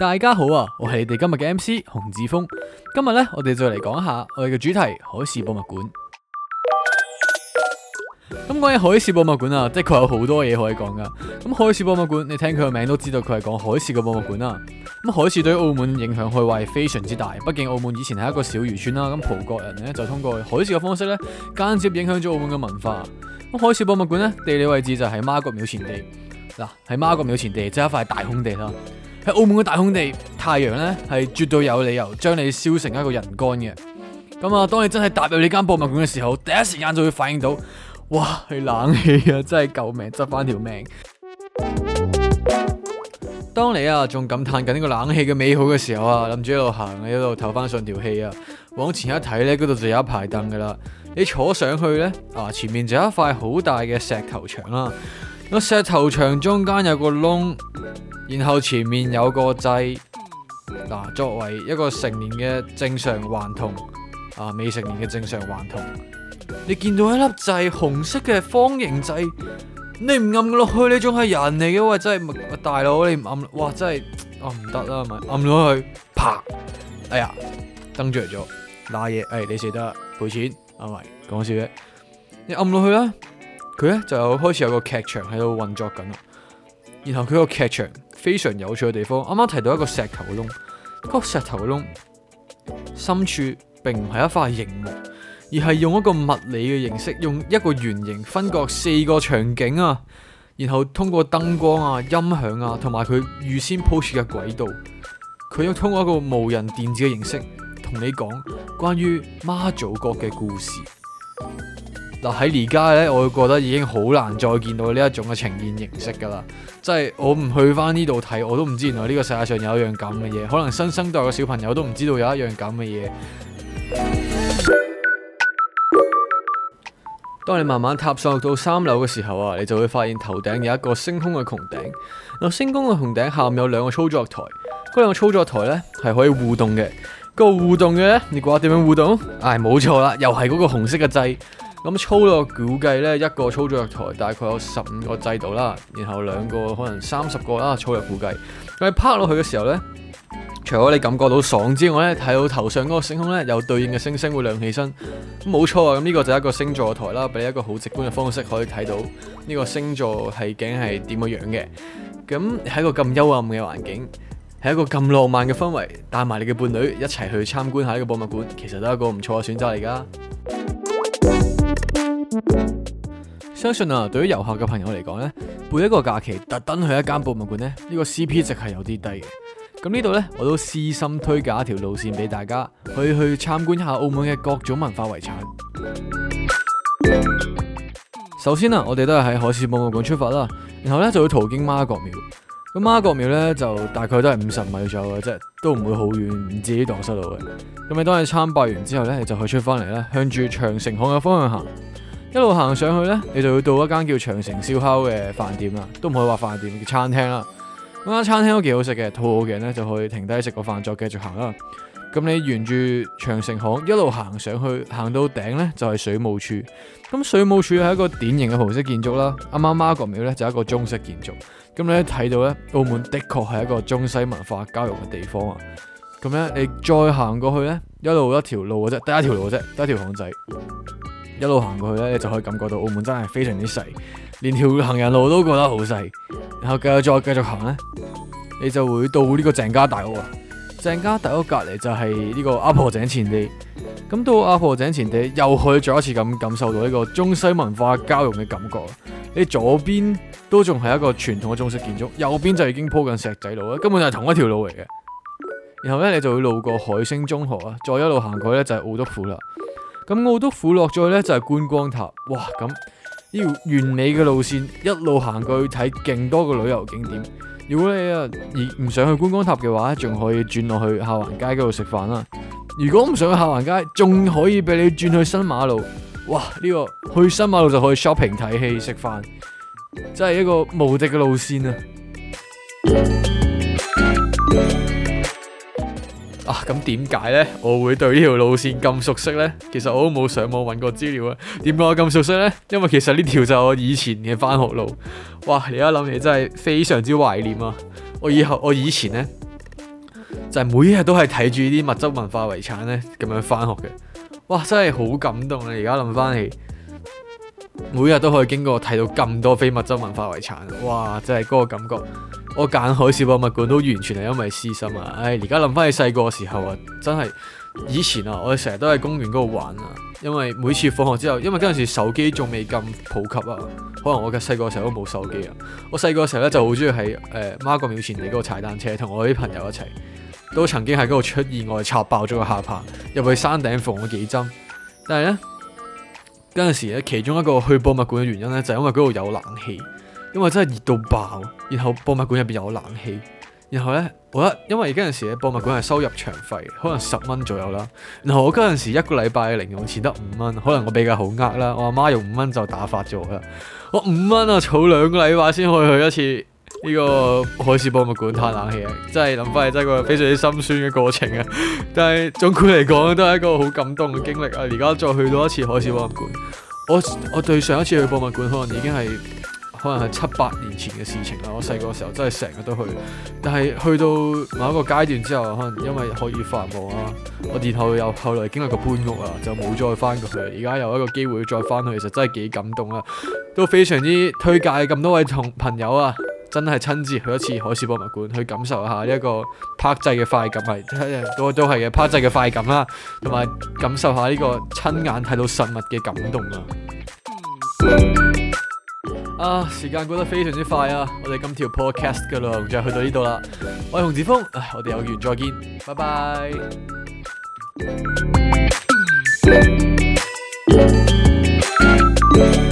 大家好啊，我係你哋今日嘅 MC 洪梓峰，今日咧我哋再嚟講下我哋嘅主題——海事博物館。咁講起海事博物館啊，的確有好多嘢可以講噶。咁海事博物館，你聽佢個名都知道佢係講海事嘅博物館啊。咁海事對澳門影響係咪非常之大？畢竟澳門以前係一個小漁村啦。咁葡國人呢就通過海事嘅方式咧，間接影響咗澳門嘅文化。咁海事博物館呢，地理位置就係媽閣廟前地嗱，係媽閣廟前地，即係一塊大空地啦。喺澳門嘅大空地，太陽呢係絕對有理由將你燒成一個人乾嘅。咁啊，當你真係踏入呢間博物館嘅時候，第一時間就會反應到：哇，係冷氣啊，真係救命，執翻條命！ 當你啊仲感嘆緊呢個冷氣嘅美好嘅時候啊，諗住一路行，喺度唞翻上條氣啊，往前一睇呢，嗰度就有一排凳噶啦。你坐上去呢，啊，前面就有一塊好大嘅石頭牆啦。個石頭牆中間有個窿。然後前面有個掣嗱，作為一個成年嘅正常頑童啊，未成年嘅正常頑童，你見到一粒掣紅色嘅方形掣，你唔按落去你，你仲係人嚟嘅喂！真係，大佬你唔按啦，哇真係，按唔得啦係咪按落去，啪，哎呀燈着咗，拿嘢，哎你食得賠錢，阿、啊、咪講笑啫，你按落去啦，佢咧就有開始有個劇場喺度運作緊啦，然後佢個劇場。非常有趣嘅地方，啱啱提到一個石頭窿，個石頭窿深處並唔係一塊熒幕，而係用一個物理嘅形式，用一個圓形分割四個場景啊，然後通過燈光啊、音響啊同埋佢預先鋪設嘅軌道，佢要通過一個無人電子嘅形式同你講關於媽祖閣嘅故事。嗱，喺而家咧，我覺得已經好難再見到呢一種嘅呈現形式㗎啦。即係我唔去翻呢度睇，我都唔知原來呢個世界上有一樣咁嘅嘢。可能新生代嘅小朋友都唔知道有一樣咁嘅嘢。當你慢慢踏上到三樓嘅時候啊，你就會發現頭頂有一個星空嘅穹頂。嗱，星空嘅穹頂下面有兩個操作台，嗰兩個操作台呢係可以互動嘅。個互動嘅，你估下點樣互動？唉、哎，冇錯啦，又係嗰個紅色嘅掣。咁操作估計呢，一個操作台大概有十五個制度啦，然後兩個可能三十個啦，操作估計。咁你拍落去嘅時候呢，除咗你感覺到爽之外呢，睇到頭上嗰個星空呢，有對應嘅星星會亮起身。冇錯啊，咁呢個就係一個星座台啦，俾你一個好直觀嘅方式可以睇到呢個星座係景係點樣樣嘅。咁喺一個咁幽暗嘅環境，係一個咁浪漫嘅氛圍，帶埋你嘅伴侶一齊去參觀一下呢個博物館，其實都係一個唔錯嘅選擇嚟㗎。相信啊，對於遊客嘅朋友嚟講呢，每一個假期特登去一間博物館咧，呢、呢個 CP 值係有啲低嘅。咁呢度呢，我都私心推介一條路線俾大家，去去參觀一下澳門嘅各種文化遺產。 首先啊，我哋都係喺海事博物館出發啦，然後呢就會途經媽閣廟。咁媽閣廟呢，就大概都係五十米左右嘅啫，都唔會好遠，唔至於盪失路嘅。咁你當你參拜完之後呢，你就去出翻嚟啦，向住長城巷嘅方向行。一路行上去呢，你就要到一間叫長城燒烤嘅飯店啦，都唔可以話飯店，叫餐廳啦。咁間餐廳都幾好食嘅，肚餓嘅人咧就可以停低食個飯，再繼續行啦。咁你沿住長城巷一路行上去，行到頂呢，就係水務處。咁水務處係一個典型嘅葡式建築啦。啱啱媽閣廟呢，就係一個中式建築。咁你睇到呢，澳門的確係一個中西文化交融嘅地方啊。咁樣你再行過去呢，一路一條路嘅啫，得一條路嘅啫，得一條巷仔。一路行過去咧，你就可以感覺到澳門真係非常之細，連條行人路都覺得好細。然後繼續再繼續行咧，你就會到呢個鄭家大屋啊。鄭家大屋隔離就係呢個阿婆井前地。咁到阿婆井前地又可以再一次咁感受到呢個中西文化交融嘅感覺。你左邊都仲係一個傳統嘅中式建築，右邊就已經鋪緊石仔路啦，根本就係同一條路嚟嘅。然後咧，你就會路過海星中學啊，再一路行過去咧就係澳督府啦。咁，澳督府落咗去呢，就係觀光塔，哇！咁呢條完美嘅路線，一路行過去睇勁多個旅遊景點。如果你啊而唔想去觀光塔嘅話，仲可以轉落去下環街嗰度食飯啦。如果唔想去下環街，仲可以俾你轉去新馬路，哇！呢、這個去新馬路就可以 shopping 睇戲食飯，真係一個無敵嘅路線啊！咁點解呢？我會對呢條路線咁熟悉呢？其實我都冇上網揾過資料啊。點解我咁熟悉呢？因為其實呢條就我以前嘅返學路。哇！而家諗起真係非常之懷念啊！我以後我以前呢，就係每日都係睇住啲物質文化遺產呢咁樣返學嘅。哇！真係好感動啊！而家諗返起。每日都可以經過睇到咁多非物質文化遺產，哇！真係嗰個感覺。我揀海事博物館都完全係因為私心啊。唉、哎，而家諗翻起細個時候啊，真係以前啊，我哋成日都喺公園嗰度玩啊。因為每次放學之後，因為嗰陣時手機仲未咁普及啊，可能我嘅細個時候都冇手機啊。我細個嘅時候咧就好中意喺誒媽閣廟前地嗰度踩單車，同我啲朋友一齊，都曾經喺嗰度出意外拆爆咗個下巴，入去山頂縫咗幾針。但係咧。嗰陣時咧，其中一個去博物館嘅原因咧，就係因為嗰度有冷氣，因為真係熱到爆。然後博物館入邊有冷氣，然後咧，我覺得因為嗰陣時咧博物館係收入場費，可能十蚊左右啦。然後我嗰陣時一個禮拜嘅零用錢得五蚊，可能我比較好呃啦。我阿媽用五蚊就打發咗我啦。我五蚊啊，儲兩個禮拜先可以去一次。呢個海事博物館嘆冷氣啊，真係諗翻嚟，真係個非常之心酸嘅過程啊。但係總括嚟講，都係一個好感動嘅經歷啊。而家再去多一次海事博物館，我我對上一次去博物館可能已經係可能係七八年前嘅事情啦。我細個時候真係成日都去，但係去到某一個階段之後，可能因為可以繁忙啊，我然後又後來經歷過搬屋啊，就冇再翻過去。而家有一個機會再翻去，其實真係幾感動啊，都非常之推介咁多位同朋友啊。真係親自去一次海事博物館，去感受下呢一個拍製嘅快感係，嗰 都係嘅拍製嘅快感啦，同埋感受下呢個親眼睇到實物嘅感動啊！嗯、啊，時間過得非常之快啊，我哋今條 podcast 嘅路，就去到呢度啦。我係洪梓峰，我哋有緣再見，拜拜。嗯嗯